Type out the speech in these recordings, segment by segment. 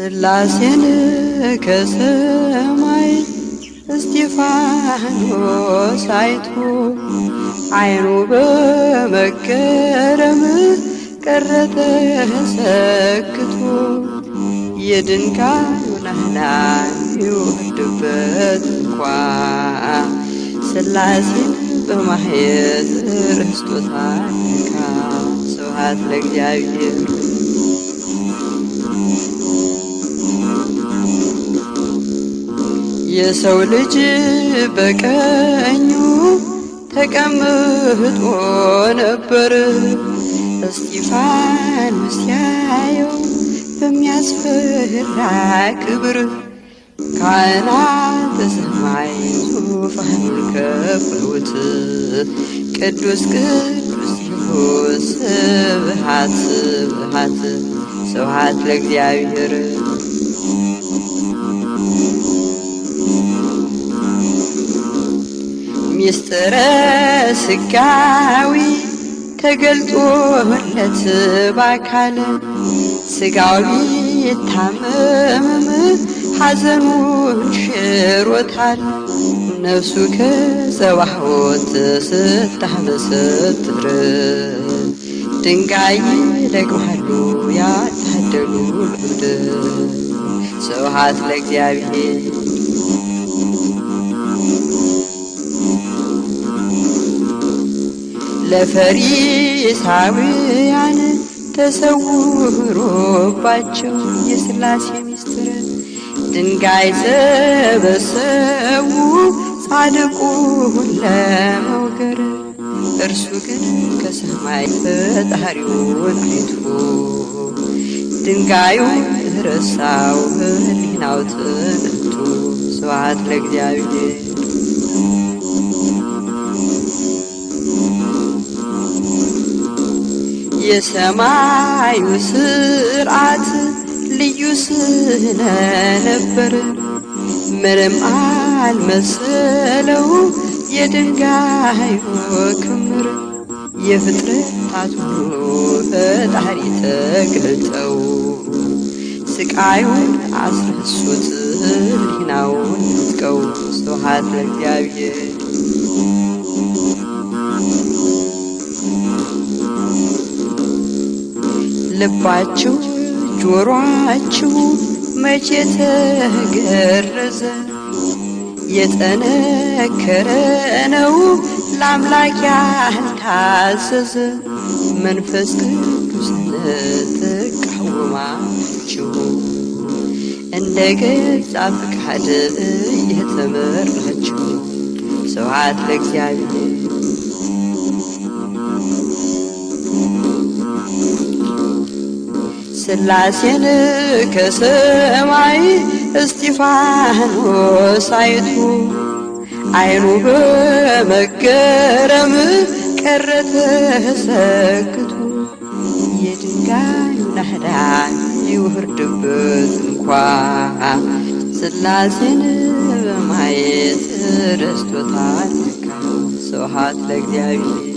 ስላሴን ከሰማይ እስጢፋኖስ አይቶ አይኑ በመገረም ቀረጠ ሰክቶ የድንጋዩን አናት ይወርድበት እንኳ ስላሴን በማየት ርስቶታል። ስብሐት ለእግዚአብሔር የሰው ልጅ በቀኙ ተቀምጦ ነበር። እስጢፋኖስ ያየው በሚያስፈራ ክብር ካህናተ ሰማይ ዙፋኑን ከበቡት። ቅዱስ ቅዱስ ይሁን ስብሐት ስብሐት ስብሐት ለእግዚአብሔር ሚስጥረ ስጋዊ ተገልጦለት ባካል ስጋዊ ታመመ ሐዘኑን ሽሮታል ነፍሱ ከዘዋህወት ስታመሰትር ድንጋይ ደግማሉ ያታደሉ ልዑድ ስብሐት ለእግዚአብሔር ለፈሪሳውያን ተሰውሮባቸው የሥላሴ ምስጢር ድንጋይ ሰበሰቡ ጻድቁን ለመውገር እርሱ ግን ከሰማይ ፈጣሪውን አይቶ ድንጋዩ ረሳው ሕሊናው ትንቱ ስብሐት ለእግዚአብሔር የሰማዩ ስርዓት ልዩ ስለነበር ምንም አልመሰለው የድንጋዩ ክምር የፍጥረታት ሁሉ ፈጣሪ ተገልጠው ስቃዩን አስረሱት ሊናውን ንጥቀው ስብሐት ለእግዚአብሔር ልባችሁ ጆሯችሁ መቼ ተገረዘ? የጠነከረ ነው ለአምላክ ያልታዘዘ። መንፈስ ቅዱስ ተቃወማችሁ እንደ ገዛ ፍቃድ እየተመራችሁ ስብሐት ለእግዚአብሔር ስላሴን ከሰማይ እስጢፋኖስ አይቱ አይኑ በመገረም ቀረተ ተሰክቱ የድንጋዩ ናህዳን ይውርድበት እንኳ ስላሴን በማየት ረስቶታል። ስብሐት ለእግዚአብሔር።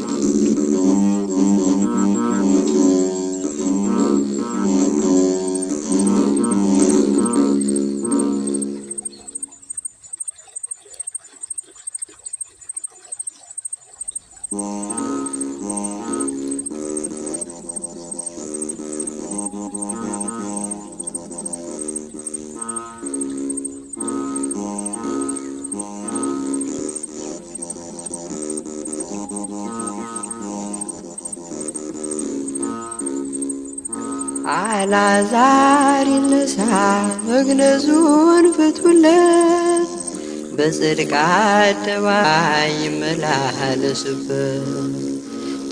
አላዛር ይነሳ መግነዙን ፍቱለት በጽድቅ አደባባይ ይመላለሱበት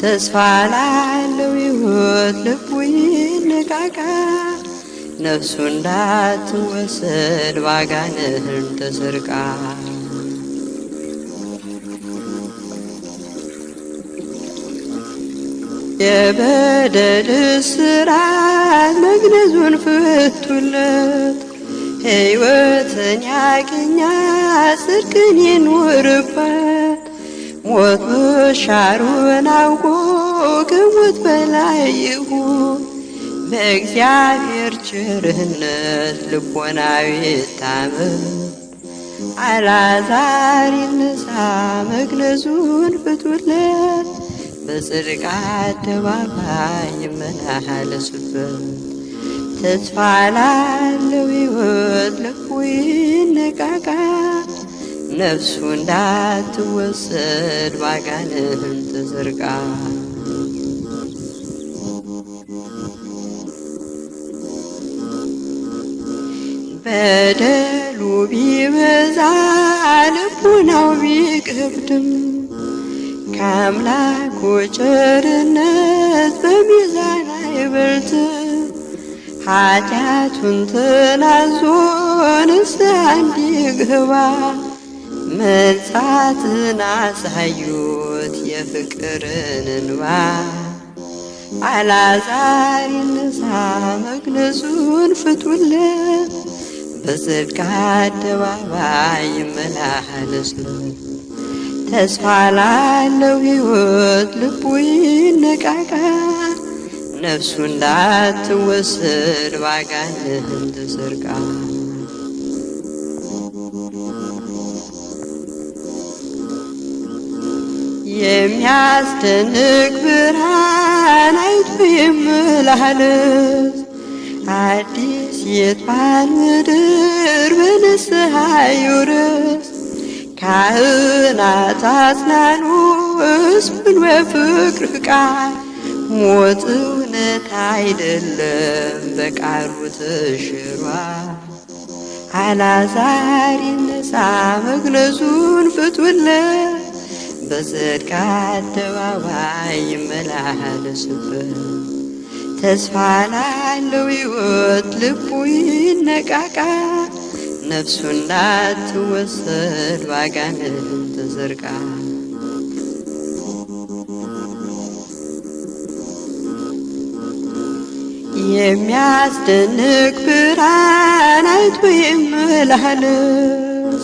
ተስፋ ላለው ሕይወት ልቡ ይነቃቃ ነፍሱ እንዳትወሰድ ባጋንህን ተሰርቃ የበደል ስራ መግነዙን ፍቱለት ሕይወትን ያገኛ ጽድቅን ይኖርበት ሞት መሻሩን አውቆ ከሞት በላይ ይሁን። በእግዚአብሔር ቸርነት ልቦናዊ ታመን አላዛር ይነሳ መግነዙን ፍቱለት በጽድቅ አደባባይ ይመላለስበት ተስፋ ላለው ሕይወት ልቡ ይነቃቃ ነፍሱ እንዳትወሰድ ባጋንንም ተዘርቃ በደሉ ቢበዛ ልቡናው ቢከብድም ከአምላኩ ቸርነት በሚዛን አይበልጥም። ኃጢአቱን ትናዞ ንስሐ እንዲገባ መንጻትን አሳዩት የፍቅርን እንባ አልዓዛር ይንሳ መግነዙን ፍቱልን በጽድቅ አደባባይ ይመላለሱን ተስፋ ላለው ሕይወት ልቡ ይነቃቃል። ነፍሱን ላትወስድ ባጋንንት ተሰርቃ የሚያስደንቅ ብርሃን አይቶ የምላልስ አዲስ የትባል ምድር በንስሐ ይውረስ ካህናት አጽናኑ ሕዝቡን በፍቅር ቃል ሞት እውነት አይደለም በቃሩ ተሽሯል። አላዛሪ ነፃ መግለጹን ፍቱለ በጽድቅ አደባባይ ይመላለስበት ተስፋ ላለው ሕይወት ልቡ ይነቃቃ ነፍሱና ትወሰድ ባጋንን ተዘርቃ የሚያስደንቅ ብርሃን አይቶ ይመላለስ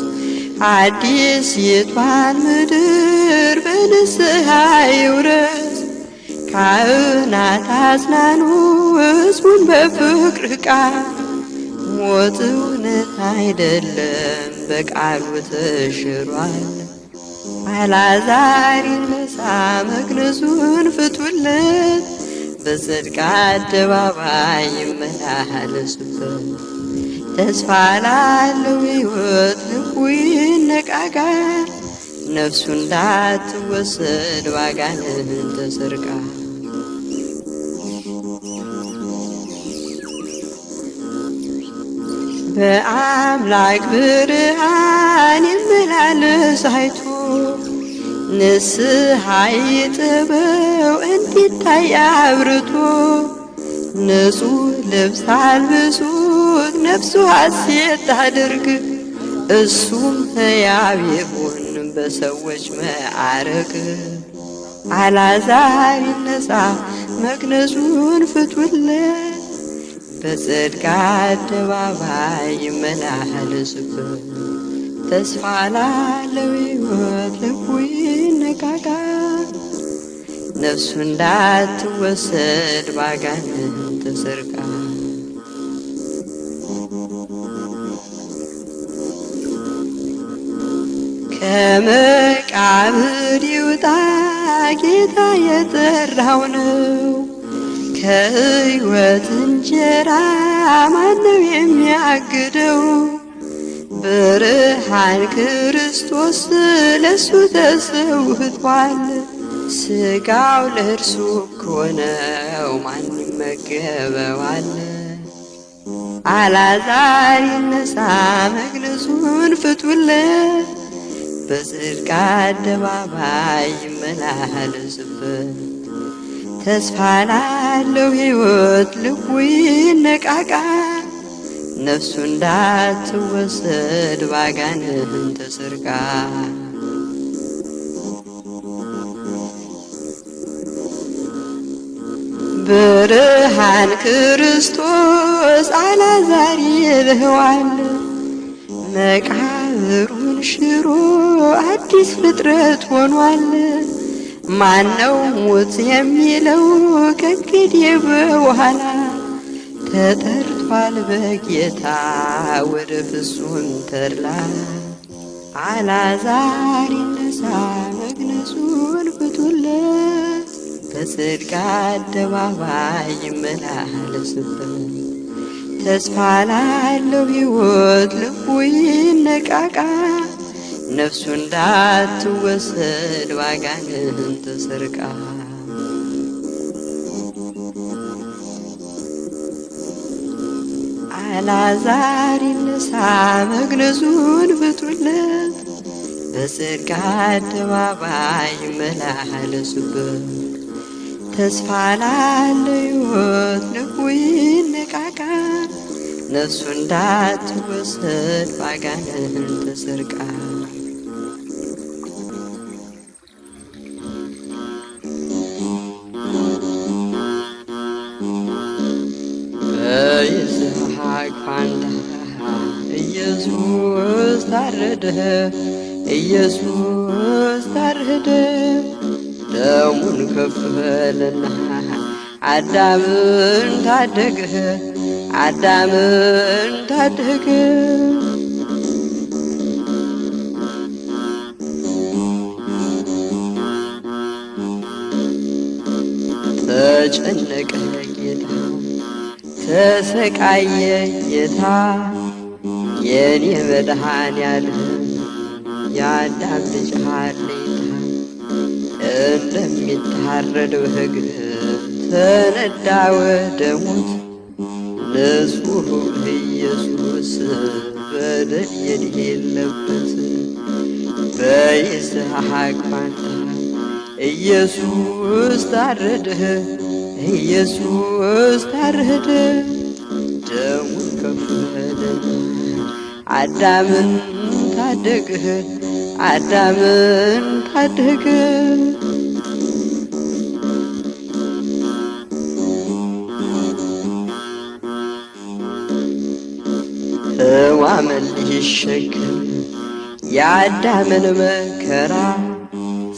አዲስ የቷን ምድር በንስሐ ይውረስ ካህናት አጽናኑ ሕዝቡን በፍቅር ቃል ሞት እውነት አይደለም በቃሉ ተሽሯል። አላዛሪ መሳም መግነዙን ፍቱለት በጽድቅ አደባባይ ይመላለሱበት ተስፋ ላለው ሕይወት ልቡ ይነቃቃል። ነፍሱ እንዳትወሰድ ባጋንን ተሰርቃ በአምላክ ብርሃን ይመላለስ አይቱ ንስሐ ይጥበው እንዲታይ አብርቶ ንጹሕ ልብስ አልብሱት ነፍሱ ሐሴት አድርግ እሱም ሕያው ይሁን በሰዎች መዓረግ አልዓዛር ይነሳ መቅነዙን ፍቱለት በጽድቅ አደባባይ ይመላለስበት ተስፋ ላይ ያለው ሕይወት ልቡ ይነቃቃ ነፍሱ እንዳትወሰድ ባጋንንት ተሰርቃ ከመቃብር ይውጣ ጌታ የጠራው ነው። ከህይወት እንጀራ ማነው የሚያግደው? ብርሃን ክር ክርስቶስ ለእሱ ተሰውቷል። ስጋው ለእርሱ ከሆነው ማን ይመገበዋል? አልዓዛር ይነሳ መግለጹን ፍቱለት፣ በጽድቅ አደባባይ ይመላለስበት። ተስፋ ላለው ሕይወት ልቡ ይነቃቃል ነፍሱ እንዳትወሰድ ባጋንህን ተሰርቃ ብርሃን ክርስቶስ አላዛሪ ብህዋል መቃብሩን ሽሮ አዲስ ፍጥረት ሆኗል። ማነው ሙት የሚለው ከእንግዲህ በኋላ ተጠር አልፏል በጌታ ወደ ፍጹም ተድላ አላዛር ይነሳ መግነዙን ፍቱለት በጽድቅ አደባባይ ይመላለስበት ተስፋ ላለው ሕይወት ልቡ ይነቃቃ ነፍሱ እንዳትወሰድ ዋጋንን ተሰርቃ አልዓዛር ይነሳ መግነዙን ፍቱለት በጽድቅ አደባባይ ይመላለሱበት ተስፋ ላለው ሕይወት ልቡ ነፍሱ እንዳትወሰድ ባጋንን ተሰርቃ ወደደ ኢየሱስ ታርህደ ደሙን ከፍለና አዳምን ታደገ አዳምን ታደገ ተጨነቀ ጌታ ተሰቃየ ጌታ የኔ መድኃኔዓለም የአዳም ልጅ ሀሌታ እንደሚታረደው እግር ተነዳ ወደ ሞት ንጹሕ ኢየሱስ በደል የሌለበት በይስሐቅ ፋንታ ኢየሱስ ታረደ፣ ኢየሱስ ታረደ፣ ደሙን ከፈለ፣ አዳምን ታደግህ አዳምን ታደገ። ሕዋምን ሊሸከም የአዳምን መከራ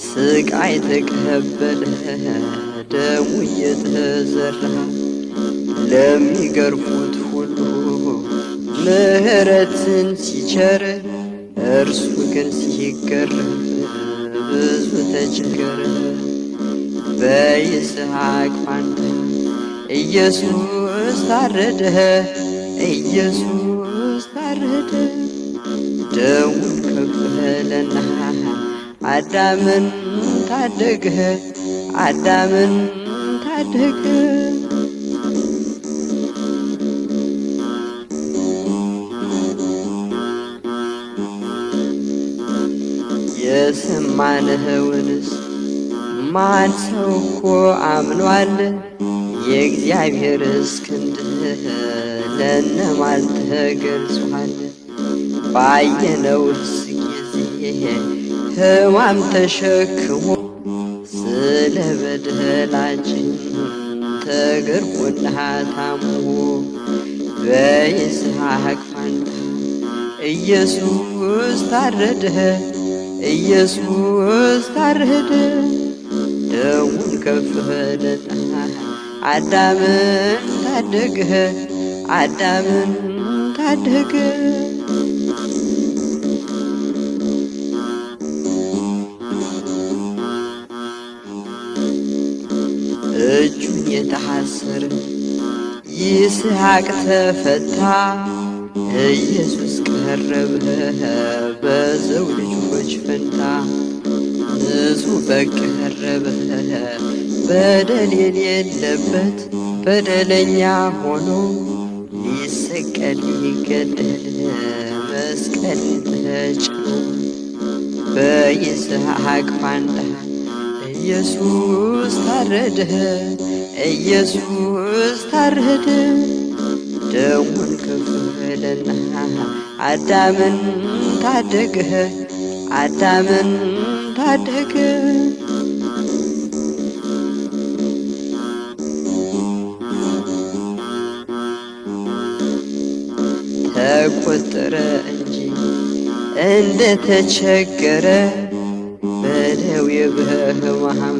ስቃይ ተቀበለ፣ ደሙ እየተዘራ ለሚገርፉት ሁሉ ምሕረትን ሲቸር እርሱ ግን ሲገረም ብዙ ተቸገረ። በይስሐቅ ፋንታ ኢየሱስ ታረደ፣ ኢየሱስ ታረደ። ደሙን ከፈለና አዳምን ታደግህ፣ አዳምን ታደግህ። የሰማንኸውንስ ማን ሰው እኮ አምኗል? የእግዚአብሔርስ ክንድህ ለእነማን ተገልጿል? ባየነውስ ጊዜ ሕማም ተሸክሞ ስለ በደላችን ተገርፎና ታሞ በይስሐቅ ፋንታ ኢየሱስ ታረድህ። ኢየሱስ ታርህድ ደውን ከፍህለ አዳምን ታደግህ አዳምን ታደግ እጁን የተሐሰረ ይስሐቅ ተፈታ ኢየሱስ ቀረበ በሰው ልጆች ፈንታ ንጹሕ በግ ቀረበ በደል የሌለበት በደለኛ ሆኖ ሊሰቀል ሊገደል መስቀል ተጭኖ በይስሐቅ ፋንታ ኢየሱስ ታረደ ኢየሱስ ታረደ ደሙ ወደና አዳምን ታደግህ አዳምን ታደግህ ተቆጠረ እንጂ እንደተቸገረ በደዌ በሕማም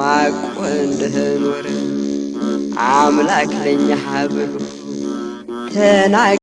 ማቆ እንደኖረ አምላክ ለኛ ብሎ ተናገረ።